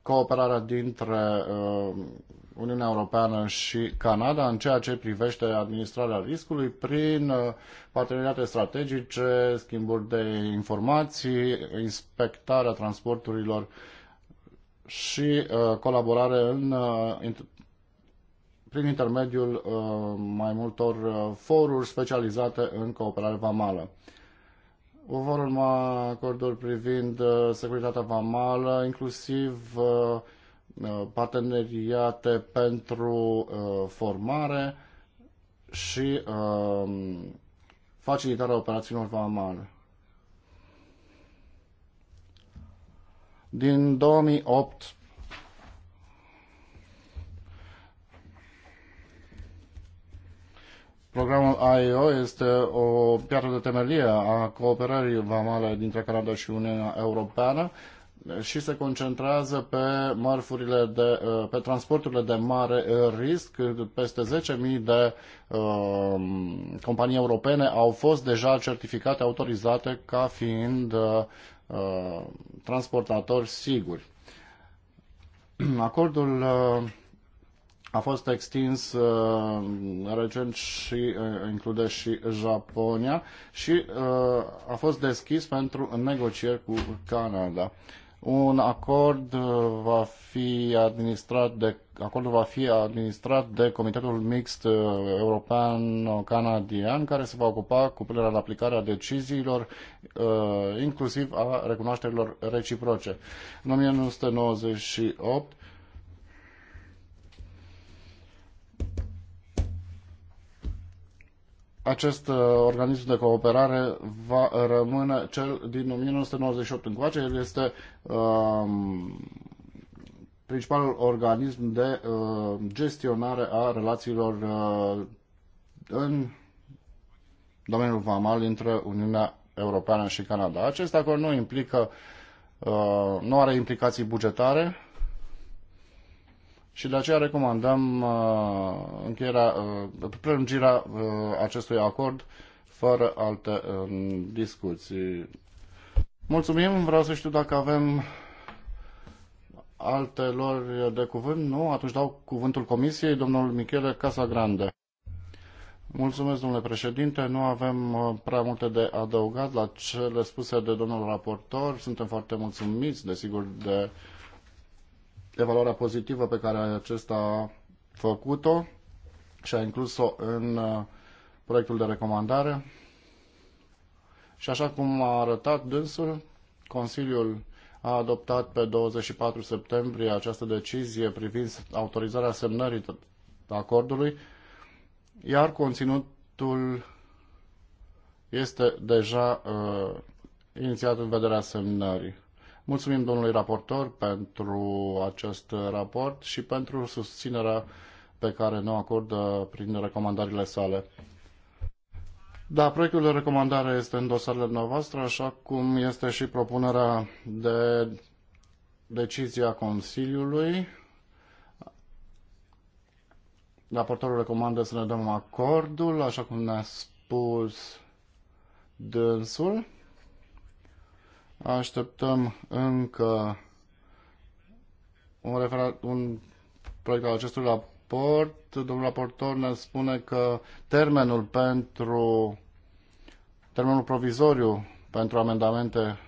cooperarea dintre uh, Uniunea Europeană și Canada în ceea ce privește administrarea riscului prin uh, parteneriate strategice, schimburi de informații, inspectarea transporturilor și uh, colaborare în, prin intermediul mai multor foruri specializate în cooperare vamală vor urma acorduri privind uh, securitatea vamală, inclusiv uh, uh, parteneriate pentru formare și facilitarea operațiunilor vamale. Din 2008 Programul AEO este o piatră de temelie a cooperării vamale dintre Canada și Uniunea Europeană și se concentrează pe mărfurile de, uh, pe transporturile de mare uh, risc. Peste 10.000 de uh, companii europene au fost deja certificate, autorizate ca fiind uh, uh transportatori siguri. Acordul uh, a fost extins uh, recent și uh, include și Japonia și uh, a fost deschis pentru negocieri cu Canada. Un acord uh, va fi administrat de acordul va fi administrat de Comitetul Mixt uh, European-Canadian care se va ocupa cu punerea în aplicare a deciziilor uh, inclusiv a recunoașterilor reciproce. În 1998 acest uh, organism de cooperare va rămâne cel din 1998 încoace. El este uh, principalul organism de uh, gestionare a relațiilor uh, în domeniul vamal între Uniunea Europeană și Canada. Acest acord nu implică, uh, nu are implicații bugetare, și de aceea recomandăm uh, încheierea, uh, prelungirea uh, acestui acord fără alte uh, discuții. Mulțumim, vreau să știu dacă avem alte lor de cuvânt, nu? Atunci dau cuvântul comisiei, domnul Michele Casagrande. Mulțumesc, domnule președinte. Nu avem uh, prea multe de adăugat la cele spuse de domnul raportor. Suntem foarte mulțumiți, desigur, de evaluarea pozitivă pe care acesta a făcut-o și a inclus-o în uh, proiectul de recomandare. Și așa cum a arătat dânsul, Consiliul a adoptat pe 24 septembrie această decizie privind autorizarea semnării acordului, iar conținutul este deja uh, inițiat în vederea semnării. Mulțumim domnului raportor pentru acest raport și pentru susținerea pe care ne acordă prin recomandările sale. Da, proiectul de recomandare este în dosarele noastre, așa cum este și propunerea de decizia Consiliului. Raportorul recomandă să ne dăm acordul, așa cum ne-a spus dânsul. Așteptăm încă un, referat, un proiect al acestui raport. Domnul raportor ne spune că termenul pentru termenul provizoriu pentru amendamente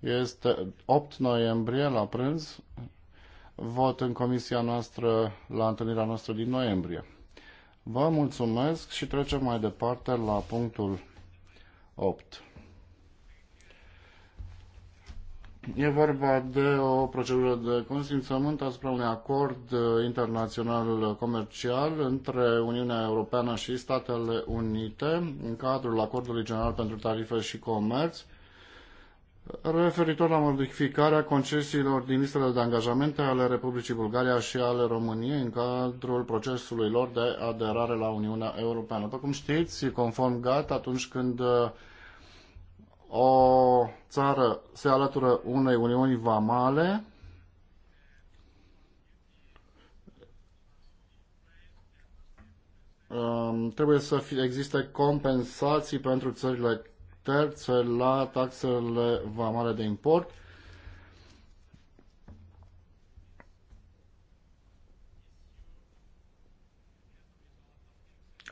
este 8 noiembrie la prânz, vot în comisia noastră la întâlnirea noastră din noiembrie. Vă mulțumesc și trecem mai departe la punctul 8. E vorba de o procedură de consimțământ asupra unui acord uh, internațional comercial între Uniunea Europeană și Statele Unite în cadrul Acordului General pentru Tarife și Comerț referitor la modificarea concesiilor din listele de angajamente ale Republicii Bulgaria și ale României în cadrul procesului lor de aderare la Uniunea Europeană. După cum știți, conform GATT, atunci când uh, o țară se alătură unei uniuni vamale, um, trebuie să fie, existe compensații pentru țările terțe la taxele vamale de import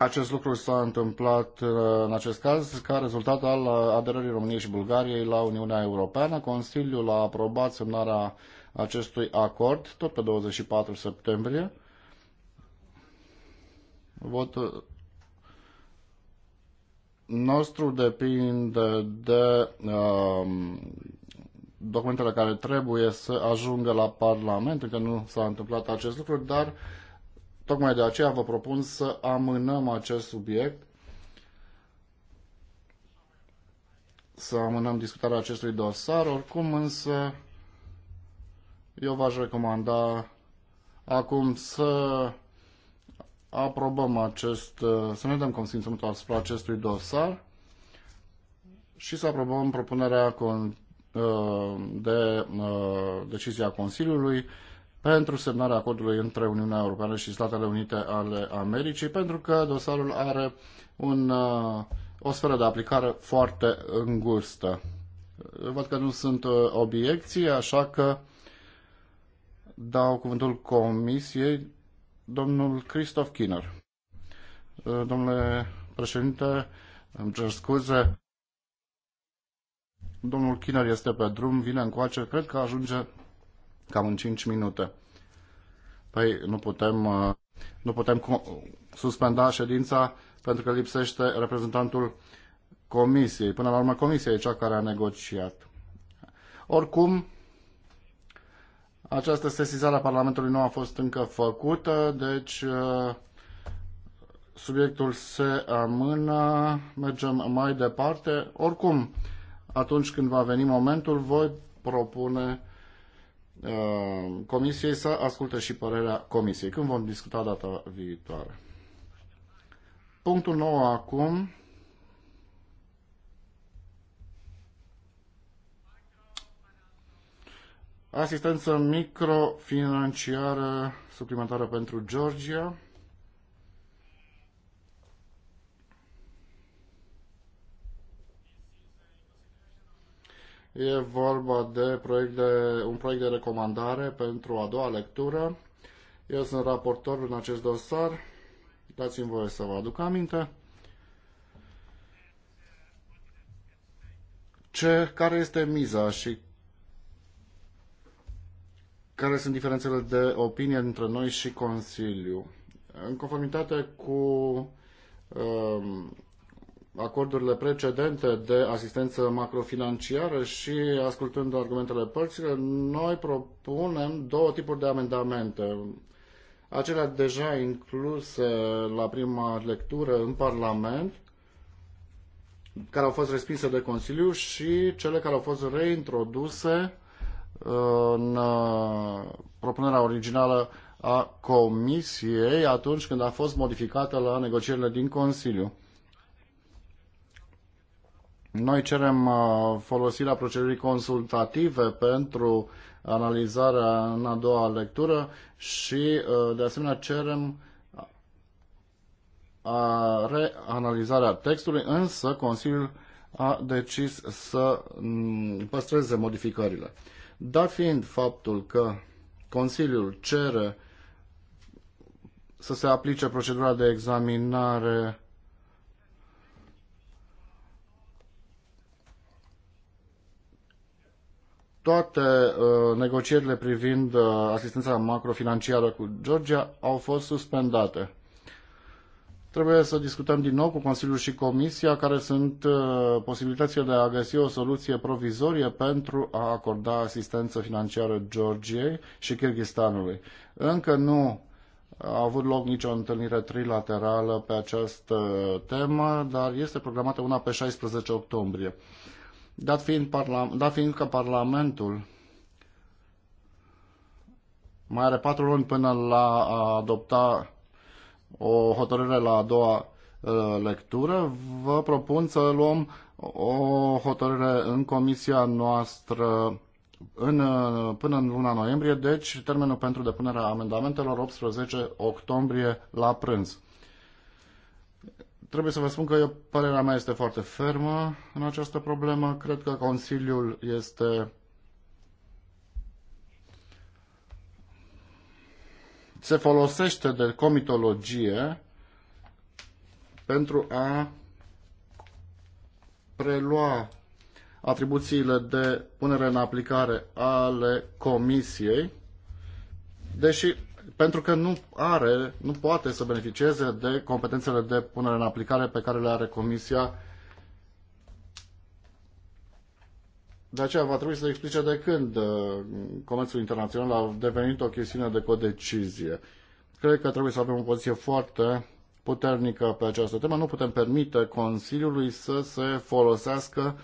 Acest lucru s-a întâmplat uh, în acest caz ca rezultat al uh, aderării României și Bulgariei la Uniunea Europeană. Consiliul a aprobat semnarea acestui acord tot pe 24 septembrie. Votul nostru depinde de uh, documentele care trebuie să ajungă la Parlament, că nu s-a întâmplat acest lucru, dar uh, Tocmai de aceea vă propun să amânăm acest subiect, să amânăm discutarea acestui dosar, oricum însă eu v-aș recomanda acum să aprobăm acest, să ne dăm consimțământul asupra acestui dosar și să aprobăm propunerea uh, de uh, decizia Consiliului pentru semnarea acordului între Uniunea Europeană și Statele Unite ale Americii, pentru că dosarul are un, uh, o sferă de aplicare foarte îngustă. Văd că nu sunt uh, obiecții, așa că dau cuvântul Comisiei domnul Christoph Kinner. Uh, domnule președinte, îmi cer scuze. Domnul Kinner este pe drum, vine încoace, cred că ajunge cam în 5 minute. Păi nu putem, uh, nu putem suspenda ședința pentru că lipsește reprezentantul comisiei. Până la urmă, comisia e cea care a negociat. Oricum, această sesizare a Parlamentului nu a fost încă făcută, deci uh, subiectul se amână, mergem mai departe. Oricum, atunci când va veni momentul, voi propune Uh, comisiei să asculte și părerea Comisiei, când vom discuta data viitoare. Punctul nou acum. Asistență microfinanciară suplimentară pentru Georgia. E vorba de, proiect de un proiect de recomandare pentru a doua lectură. Eu sunt raportor în acest dosar. Dați-mi voie să vă aduc aminte. Ce, care este miza și care sunt diferențele de opinie între noi și Consiliu? În conformitate cu um, acordurile precedente de asistență macrofinanciară și ascultând argumentele părților, noi propunem două tipuri de amendamente. Acelea deja incluse la prima lectură în Parlament, care au fost respinse de Consiliu și cele care au fost reintroduse în uh, propunerea originală a Comisiei atunci când a fost modificată la negocierile din Consiliu. Noi cerem uh, folosirea procedurii consultative pentru analizarea în a doua lectură și, uh, de asemenea, cerem reanalizarea textului, însă Consiliul a decis să mm, păstreze modificările. Dar fiind faptul că Consiliul cere să se aplice procedura de examinare toate uh, negocierile privind uh, asistența macrofinanciară cu Georgia au fost suspendate. Trebuie să discutăm din nou cu Consiliul și Comisia care sunt uh, posibilitățile de a găsi o soluție provizorie pentru a acorda asistență financiară Georgiei și Kyrgyzstanului. Încă nu a avut loc nicio întâlnire trilaterală pe această temă, dar este programată una pe 16 octombrie. Dat fiind, parla- dat fiind că Parlamentul mai are patru luni până la a adopta o hotărâre la a doua ă, lectură, vă propun să luăm o hotărâre în comisia noastră în, ă, până în luna noiembrie, deci termenul pentru depunerea amendamentelor 18 octombrie la prânz trebuie să vă spun că eu, părerea mea este foarte fermă în această problemă. Cred că Consiliul este se folosește de comitologie pentru a prelua atribuțiile de punere în aplicare ale Comisiei, deși pentru că nu are, nu poate să beneficieze de competențele de punere în aplicare pe care le are Comisia. De aceea va trebui să explice de când uh, comerțul internațional a devenit o chestiune de codecizie. Cred că trebuie să avem o poziție foarte puternică pe această temă. Nu putem permite Consiliului să se folosească,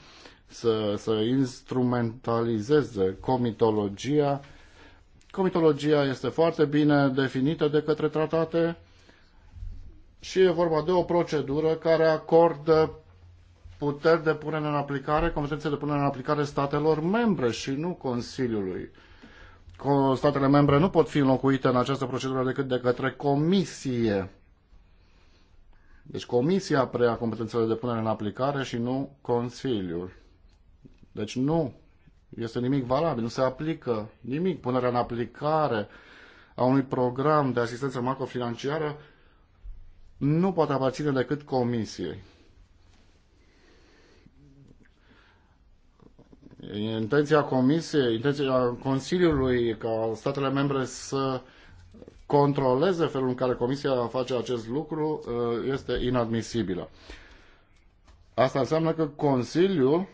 să, să instrumentalizeze comitologia Comitologia este foarte bine definită de către tratate și e vorba de o procedură care acordă puteri de punere în aplicare, competențe de punere în aplicare statelor membre și nu Consiliului. Statele membre nu pot fi înlocuite în această procedură decât de către Comisie. Deci Comisia preia competențele de punere în aplicare și nu Consiliul. Deci nu este nimic valabil, nu se aplică nimic. Punerea în aplicare a unui program de asistență macrofinanciară nu poate aparține decât comisiei. Intenția comisiei, intenția Consiliului ca statele membre să controleze felul în care comisia face acest lucru uh, este inadmisibilă. Asta înseamnă că Consiliul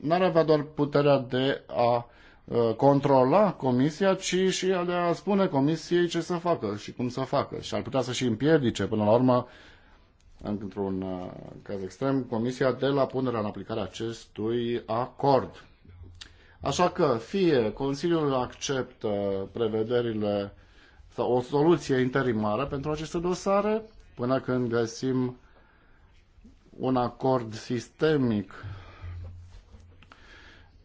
n-ar avea doar puterea de a uh, controla comisia, ci și de a spune comisiei ce să facă și cum să facă. Și ar putea să și împiedice, până la urmă, într-un uh, caz extrem, comisia de la punerea în aplicare acestui acord. Așa că fie Consiliul acceptă prevederile sau o soluție interimară pentru aceste dosare, până când găsim un acord sistemic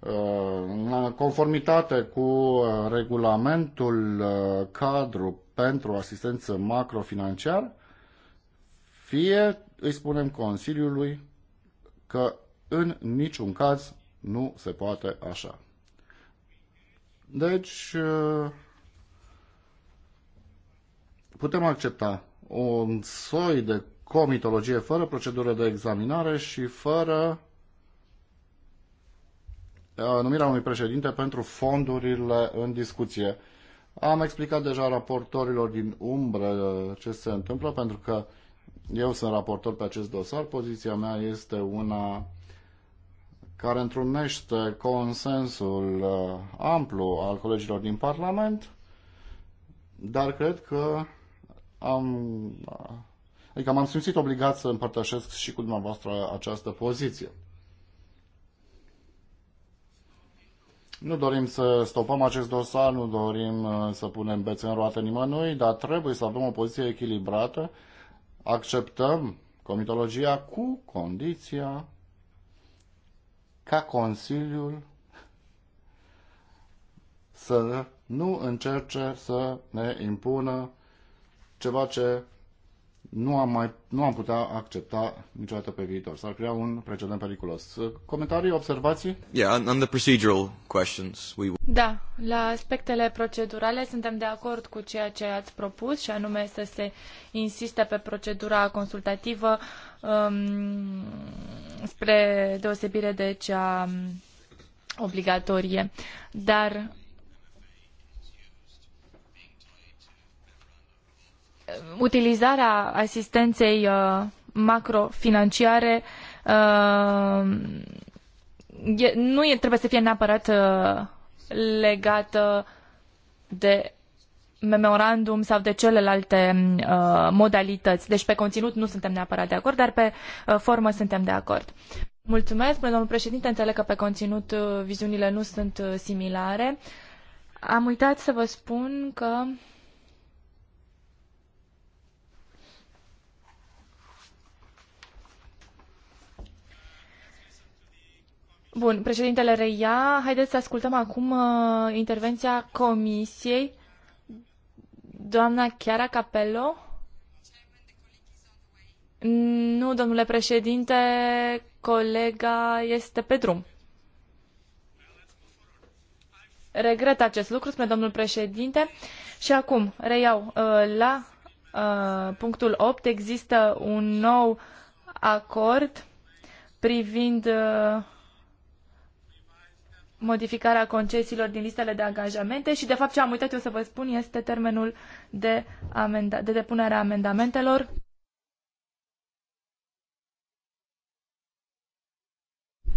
în conformitate cu uh, regulamentul uh, cadru pentru asistență macrofinanciară, fie îi spunem Consiliului că în niciun caz nu se poate așa. Deci, uh, putem accepta un soi de comitologie fără procedură de examinare și fără Uh, numirea unui președinte pentru fondurile în discuție. Am explicat deja raportorilor din umbră uh, ce se întâmplă, pentru că eu sunt raportor pe acest dosar. Poziția mea este una care întrunește consensul uh, amplu al colegilor din Parlament, dar cred că am, adică m-am simțit obligat să împărtășesc și cu dumneavoastră această poziție. Nu dorim să stopăm acest dosar, nu dorim uh, să punem bețe în roată nimănui, dar trebuie să avem o poziție echilibrată. Acceptăm comitologia cu condiția ca Consiliul să nu încerce să ne impună ceva ce nu am, mai, nu am putea accepta niciodată pe viitor. S-ar crea un precedent periculos. Uh, comentarii, observații? Yeah, on, the procedural questions we... Da, la aspectele procedurale suntem de acord cu ceea ce ați propus și anume să se insiste pe procedura consultativă um, spre deosebire de cea um, obligatorie. Dar utilizarea asistenței uh, macrofinanciare uh, nu trebuie să fie neapărat uh, legată de memorandum sau de celelalte uh, modalități. Deci pe conținut nu suntem neapărat de acord, dar pe uh, formă suntem de acord. Mulțumesc, domnul președinte, înțeleg că pe conținut uh, viziunile nu sunt uh, similare. Am uitat să vă spun că Bun, președintele reia. Haideți să ascultăm acum uh, intervenția comisiei. Doamna Chiara Capello? Nu, domnule președinte, colega este pe drum. Regret acest lucru, spune domnul președinte. Și acum, reiau, uh, la uh, punctul 8 există un nou acord privind uh, modificarea concesiilor din listele de angajamente și, de fapt, ce am uitat eu să vă spun este termenul de, amenda- de depunere a amendamentelor.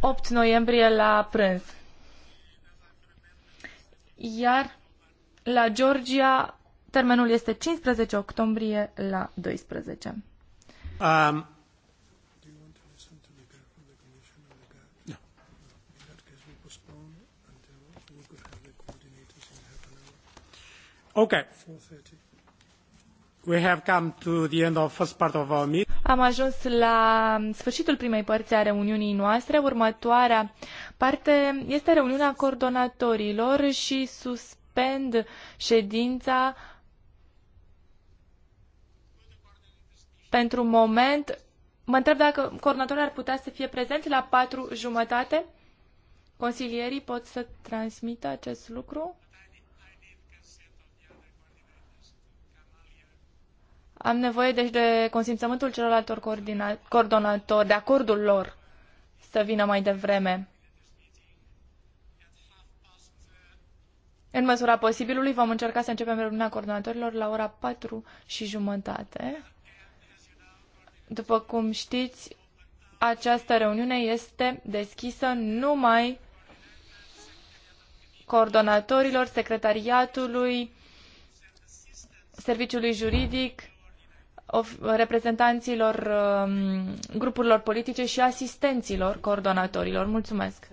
Opt noiembrie la prânz. Iar la Georgia termenul este 15 octombrie la 12. Um. Okay. We have come to the end of first part of our meeting. Am ajuns la sfârșitul primei părți a reuniunii noastre. Următoarea parte este reuniunea coordonatorilor și suspend ședința pentru moment. Mă întreb dacă coordonatorii ar putea să fie prezenți la patru jumătate. Consilierii pot să transmită acest lucru? Am nevoie deci de consimțământul celorlaltor coordonatori, de acordul lor să vină mai devreme. În măsura posibilului vom încerca să începem reuniunea coordonatorilor la ora 4 și jumătate. După cum știți, această reuniune este deschisă numai coordonatorilor, secretariatului, serviciului juridic, reprezentanților um, grupurilor politice și asistenților coordonatorilor. Mulțumesc!